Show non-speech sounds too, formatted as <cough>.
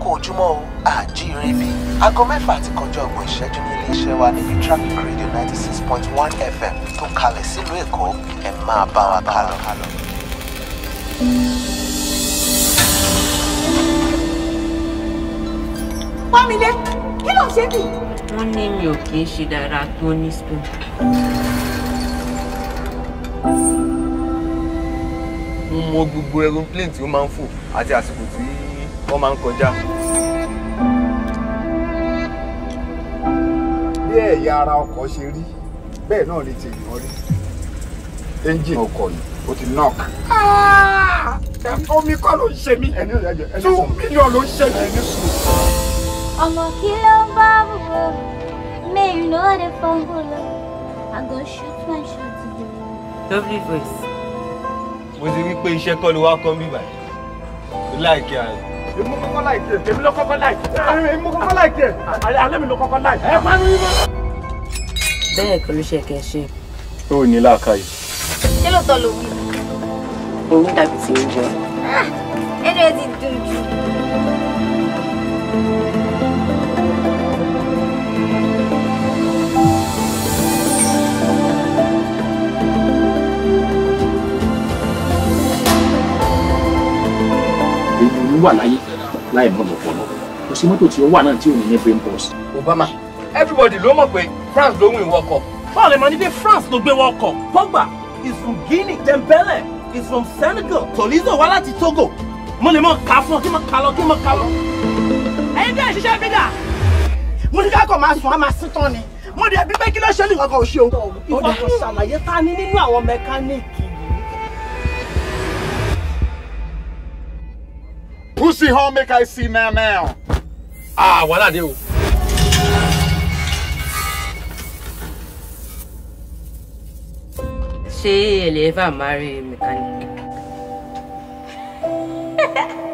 kú ojúmọ́ o àjíire bí. aago mẹ́fà àti kọjá ọgbọ̀n ìṣẹ́jú ní iléeṣẹ́ wa níbi traffic radio ninety six point one fm tó kalẹ̀ sílùú èkó ẹ máa bá wa kálọ. Pámilé kí ló ń ṣe bí? wọ́n ní mi ò kì í ṣe dára tó ní spoon. mo gbogbo aeroplane tí ó máa ń fò àti àsìkò tí wọ́n máa ń kọjá. bí ẹ̀yà ara ọkọ̀ ṣe rí bẹ́ẹ̀ náà ni ti ìyàn rí ẹ́ńjìn ọkọ̀ yìí ó ti knock. Ah! omi kọ́ ló ń ṣe mí two million ló ń ṣe mí. ọmọ kí ló ń bá bùbọ mẹ́rin ló dé fọ́nbù lọ àgọ́ shoot one shot dé. lovely voice. mo ti wí pé iṣẹ́ kọ́ ló wá kọ́ mi báyìí láìkí àná. Uh, èmi kọ́kọ́ láìkẹ́ èmi ló kọ́kọ́ láìkẹ́ èmi kọ́kọ́ láìkẹ́ alẹ́ mi ló kọ́kọ́ láìkẹ́. ẹ panu yín mọ́. bẹ́ẹ̀ kò ló ṣe kẹ́ ṣe. ó ní làákàyè. ṣé lóòótọ́ ló wí. èmi dàbí tí ń jẹ. ẹnu ẹ ti dùn jù. wà láyé láì mọ̀ lọ́pọ̀lọ́ kò sí mọ́tò tí ó wà náà tí ò ní ní brain pause. Obama everybody ló mọ̀ pé France ló win World Cup. paul emanide France ló gbé World Cup Pogba is from Guinea Dembele is from Senegal Tolizo wá láti Togo mo lè mọ ká fún ọ kí mo ká lọ kí mo ká lọ. ẹ̀yin tẹ́ ẹ̀ ṣiṣẹ́ bígà mo ní ká kọ̀ máa sùn á máa sí tán ni mo dẹ̀ bí pé kí ló ṣe ní kankan ò ṣe o. ìfọ̀kànṣàlàyé ta ni nínú àwọn mẹkáníìkì see how make I see now now. Ah, what dé o. Ṣé ẹ ever marry mechanic? <laughs>